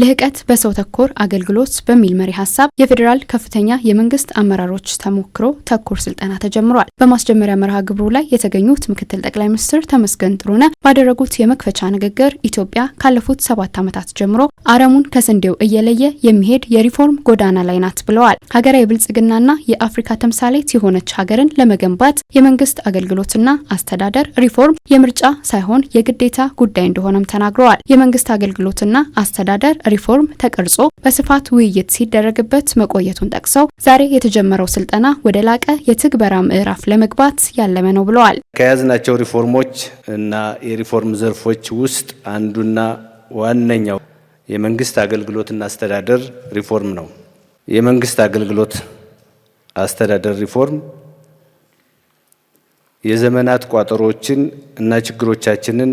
ልህቀት በሰው ተኮር አገልግሎት በሚል መሪ ሀሳብ የፌዴራል ከፍተኛ የመንግስት አመራሮች ተሞክሮ ተኮር ስልጠና ተጀምሯል። በማስጀመሪያ መርሃ ግብሩ ላይ የተገኙት ምክትል ጠቅላይ ሚኒስትር ተመስገን ጥሩነህ ባደረጉት የመክፈቻ ንግግር ኢትዮጵያ ካለፉት ሰባት ዓመታት ጀምሮ አረሙን ከስንዴው እየለየ የሚሄድ የሪፎርም ጎዳና ላይ ናት ብለዋል። ሀገራዊ ብልጽግናና የአፍሪካ ተምሳሌት የሆነች ሀገርን ለመገንባት የመንግስት አገልግሎትና አስተዳደር ሪፎርም የምርጫ ሳይሆን የግዴታ ጉዳይ እንደሆነም ተናግረዋል። የመንግስት አገልግሎትና አስተዳደር ሪፎርም ተቀርጾ በስፋት ውይይት ሲደረግበት መቆየቱን ጠቅሰው ዛሬ የተጀመረው ስልጠና ወደ ላቀ የትግበራ ምዕራፍ ለመግባት ያለመ ነው ብለዋል። ከያዝናቸው ሪፎርሞች እና የሪፎርም ዘርፎች ውስጥ አንዱና ዋነኛው የመንግስት አገልግሎትና አስተዳደር ሪፎርም ነው። የመንግስት አገልግሎት አስተዳደር ሪፎርም የዘመናት ቋጠሮችን እና ችግሮቻችንን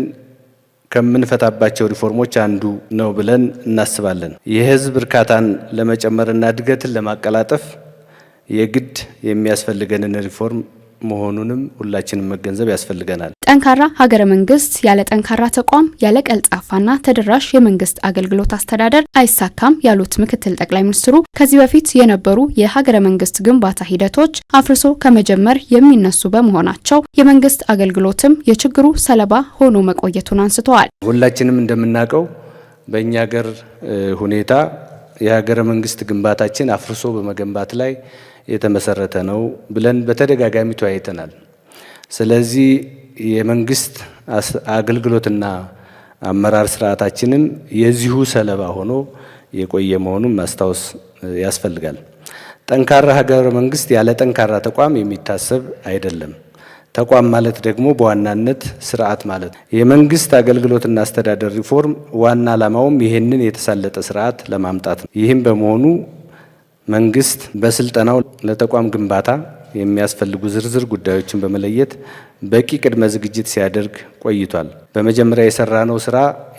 ከምንፈታባቸው ሪፎርሞች አንዱ ነው ብለን እናስባለን። የህዝብ እርካታን ለመጨመርና እድገትን ለማቀላጠፍ የግድ የሚያስፈልገንን ሪፎርም መሆኑንም ሁላችንም መገንዘብ ያስፈልገናል። ጠንካራ ሀገረ መንግስት ያለ ጠንካራ ተቋም፣ ያለ ቀልጣፋና ተደራሽ የመንግስት አገልግሎት አስተዳደር አይሳካም ያሉት ምክትል ጠቅላይ ሚኒስትሩ ከዚህ በፊት የነበሩ የሀገረ መንግስት ግንባታ ሂደቶች አፍርሶ ከመጀመር የሚነሱ በመሆናቸው የመንግስት አገልግሎትም የችግሩ ሰለባ ሆኖ መቆየቱን አንስተዋል። ሁላችንም እንደምናውቀው በእኛ ሀገር ሁኔታ የሀገረ መንግስት ግንባታችን አፍርሶ በመገንባት ላይ የተመሰረተ ነው ብለን በተደጋጋሚ ተወያይተናል። ስለዚህ የመንግስት አገልግሎትና አመራር ስርዓታችንም የዚሁ ሰለባ ሆኖ የቆየ መሆኑን ማስታወስ ያስፈልጋል። ጠንካራ ሀገረ መንግስት ያለ ጠንካራ ተቋም የሚታሰብ አይደለም። ተቋም ማለት ደግሞ በዋናነት ስርዓት ማለት ነው። የመንግስት አገልግሎትና አስተዳደር ሪፎርም ዋና ዓላማውም ይህንን የተሳለጠ ስርዓት ለማምጣት ነው። ይህም በመሆኑ መንግስት በስልጠናው ለተቋም ግንባታ የሚያስፈልጉ ዝርዝር ጉዳዮችን በመለየት በቂ ቅድመ ዝግጅት ሲያደርግ ቆይቷል። በመጀመሪያ የሰራነው ስራ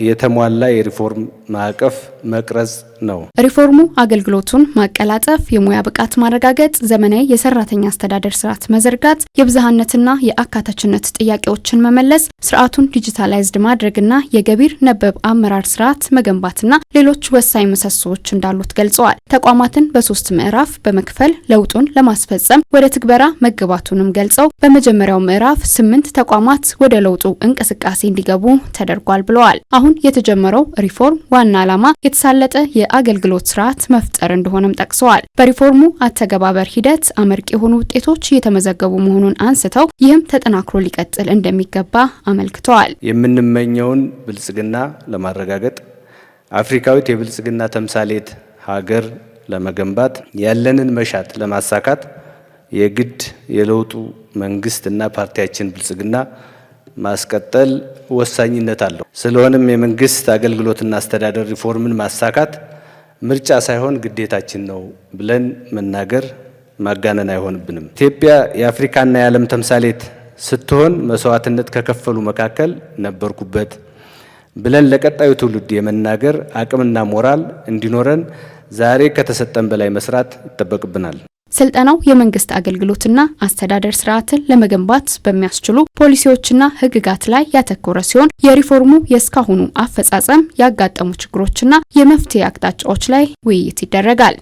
የተሟላ የሪፎርም ማዕቀፍ መቅረጽ ነው። ሪፎርሙ አገልግሎቱን ማቀላጠፍ፣ የሙያ ብቃት ማረጋገጥ፣ ዘመናዊ የሰራተኛ አስተዳደር ስርዓት መዘርጋት፣ የብዝሃነትና የአካታችነት ጥያቄዎችን መመለስ፣ ስርዓቱን ዲጂታላይዝድ ማድረግና የገቢር ነበብ አመራር ስርዓት መገንባትና ሌሎች ወሳኝ ምሰሶዎች እንዳሉት ገልጸዋል። ተቋማትን በሶስት ምዕራፍ በመክፈል ለውጡን ለማስፈጸም ወደ ትግበራ መግባቱንም ገልጸው በመጀመሪያው ምዕራፍ ስምንት ተቋማት ወደ ለውጡ እንቅስቃሴ እንዲገቡ ተደርጓል ብለዋል። አሁን የተጀመረው ሪፎርም ዋና ዓላማ የተሳለጠ የአገልግሎት ስርዓት መፍጠር እንደሆነም ጠቅሰዋል። በሪፎርሙ አተገባበር ሂደት አመርቂ የሆኑ ውጤቶች እየተመዘገቡ መሆኑን አንስተው ይህም ተጠናክሮ ሊቀጥል እንደሚገባ አመልክተዋል። የምንመኘውን ብልጽግና ለማረጋገጥ አፍሪካዊት የብልጽግና ተምሳሌት ሀገር ለመገንባት ያለንን መሻት ለማሳካት የግድ የለውጡ መንግስት እና ፓርቲያችን ብልጽግና ማስቀጠል ወሳኝነት አለው። ስለሆነም የመንግስት አገልግሎትና አስተዳደር ሪፎርምን ማሳካት ምርጫ ሳይሆን ግዴታችን ነው ብለን መናገር ማጋነን አይሆንብንም። ኢትዮጵያ የአፍሪካና የዓለም ተምሳሌት ስትሆን መስዋዕትነት ከከፈሉ መካከል ነበርኩበት ብለን ለቀጣዩ ትውልድ የመናገር አቅምና ሞራል እንዲኖረን ዛሬ ከተሰጠን በላይ መስራት ይጠበቅብናል። ስልጠናው የመንግስት አገልግሎትና አስተዳደር ስርዓትን ለመገንባት በሚያስችሉ ፖሊሲዎችና ህግጋት ላይ ያተኮረ ሲሆን የሪፎርሙ የእስካሁኑ አፈጻጸም ያጋጠሙ ችግሮችና የመፍትሄ አቅጣጫዎች ላይ ውይይት ይደረጋል።